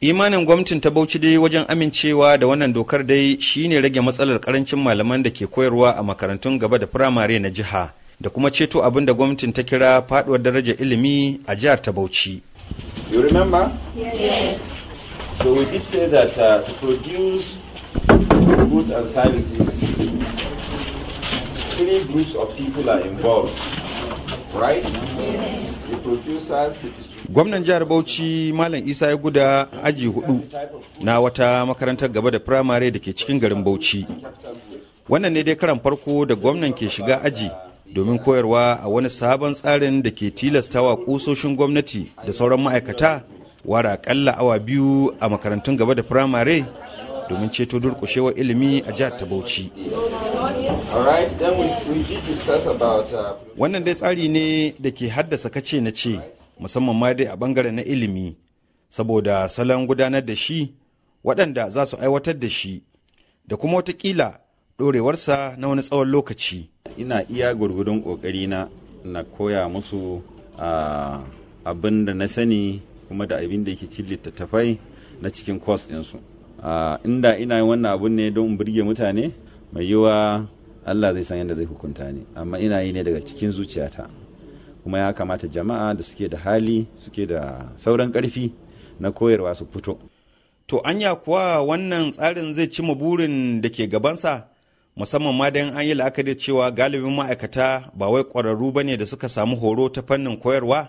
imanin gwamnatin ta bauchi dai wajen amincewa da wannan dokar dai shine rage matsalar karancin malaman da ke koyarwa a makarantun gaba da firamare na jiha da kuma ceto abin da gwamnatin ta kira faduwar darajar ilimi a jihar ta bauchi you remember yes so we did say that uh, to produce goods and services three groups of people are involved Gwamnan jihar Bauchi Malam Isa ya guda aji hudu na wata makarantar gaba da firamare da ke cikin garin Bauchi. Wannan ne dai karan farko da gwamnan ke shiga aji domin koyarwa a wani sabon tsarin da ke tilasta tilastawa kusoshin gwamnati da sauran ma'aikata wara akalla awa biyu a makarantun gaba da firamare domin ceto durkushewar ilimi a jihar ta Bauchi. Uh, Wannan dai tsari ne da ke haddasa kace na ce musamman ma dai a bangare na ilimi saboda salon gudanar da shi waɗanda za su aiwatar da shi da kuma watakila ɗorewarsa na wani tsawon lokaci. Ina iya gurgudun ƙoƙarina na koya musu uh, abin da na sani kuma da abin da yake cin littattafai na cikin kwas ɗinsu. inda ina wannan abun ne don burge mutane mai yiwa Allah zai san yadda zai hukunta ne amma ina yi ne daga cikin zuciyata kuma ya kamata jama'a da suke da hali suke da sauran karfi na koyarwa su fito to anya kuwa wannan tsarin zai cima burin da ke gabansa musamman ma dan an yi la'akari cewa galibin ma'aikata ba wai ƙwararru ba ne da suka samu horo ta fannin koyarwa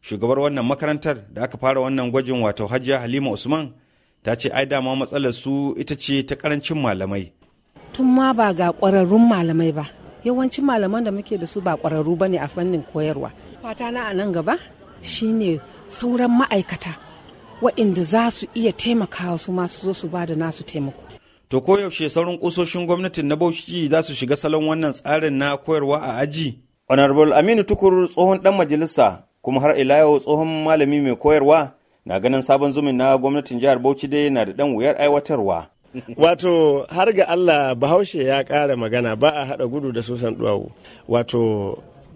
shugabar wannan makarantar da aka fara wannan gwajin wato hajiya halima usman ta ce ai dama matsalar su ita ce ta karancin malamai tun ma ba ga ƙwararrun malamai ba yawancin malaman da muke da su ba ƙwararru ba ne a fannin koyarwa fata na a nan gaba shine sauran ma'aikata waɗanda za su iya taimakawa su masu zo su ba da nasu taimako to koyaushe sauran kusoshin gwamnatin na bauchi za su shiga salon wannan tsarin na koyarwa a aji honorable aminu tukur tsohon dan majalisa kuma har ila yau tsohon malami mai koyarwa na ganin sabon zumin na gwamnatin jihar bauchi dai na da dan wuyar aiwatarwa wato har ga allah bahaushe ya kara magana ba a haɗa gudu da susan duwawu wato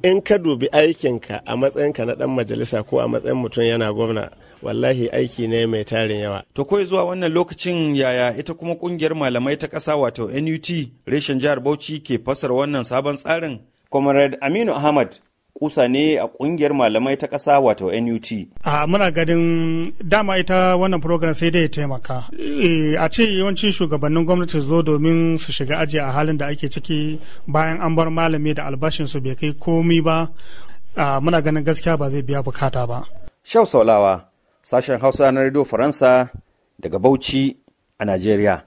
in ka dubi aikinka a matsayinka na dan majalisa ko a matsayin mutum yana gwamna wallahi aiki ne mai tarin yawa. To kawai zuwa wannan lokacin yaya ita kuma kungiyar malamai ta ƙasa wato NUT reshen jihar Bauchi ke fasar wannan sabon tsarin? Comrade Aminu Ahmad kusa ne a kungiyar malamai ta ƙasa wato NUT. A muna ganin dama ita wannan program sai dai ya taimaka. E, a ce yawancin shugabannin gwamnati zo domin su shiga aji a halin da ake ciki bayan an bar malami da albashinsu bai kai komi ba. Muna ganin gaskiya ba zai biya bukata ba. Shau Saulawa, sashen Hausa na Radio Faransa daga Bauchi a Najeriya.